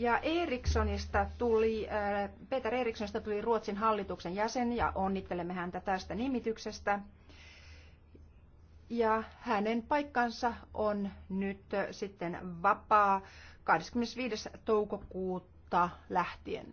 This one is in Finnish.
Ja Erikssonista tuli, äh, Peter Erikssonista tuli Ruotsin hallituksen jäsen ja onnittelemme häntä tästä nimityksestä. Ja hänen paikkansa on nyt äh, sitten vapaa 25. toukokuuta lähtien.